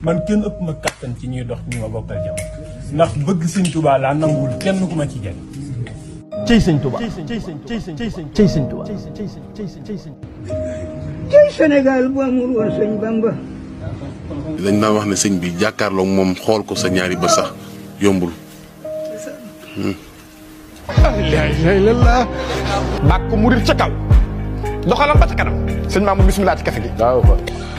man kenn upp ma kattan ci ñuy dox ñu ma bokkal jam ndax bëgg seigne Touba la nangul kenn ku ma ci jël cey seigne Touba cey touba cey seigne Touba cey Sénégal bu amul woon sëñ Bamba dañ daan wax ne sëñ bi ko sa ñaari ba sax yombul murid ca kaw doxalam ba ca kanam sëñ maamu bismillah ci kafe gi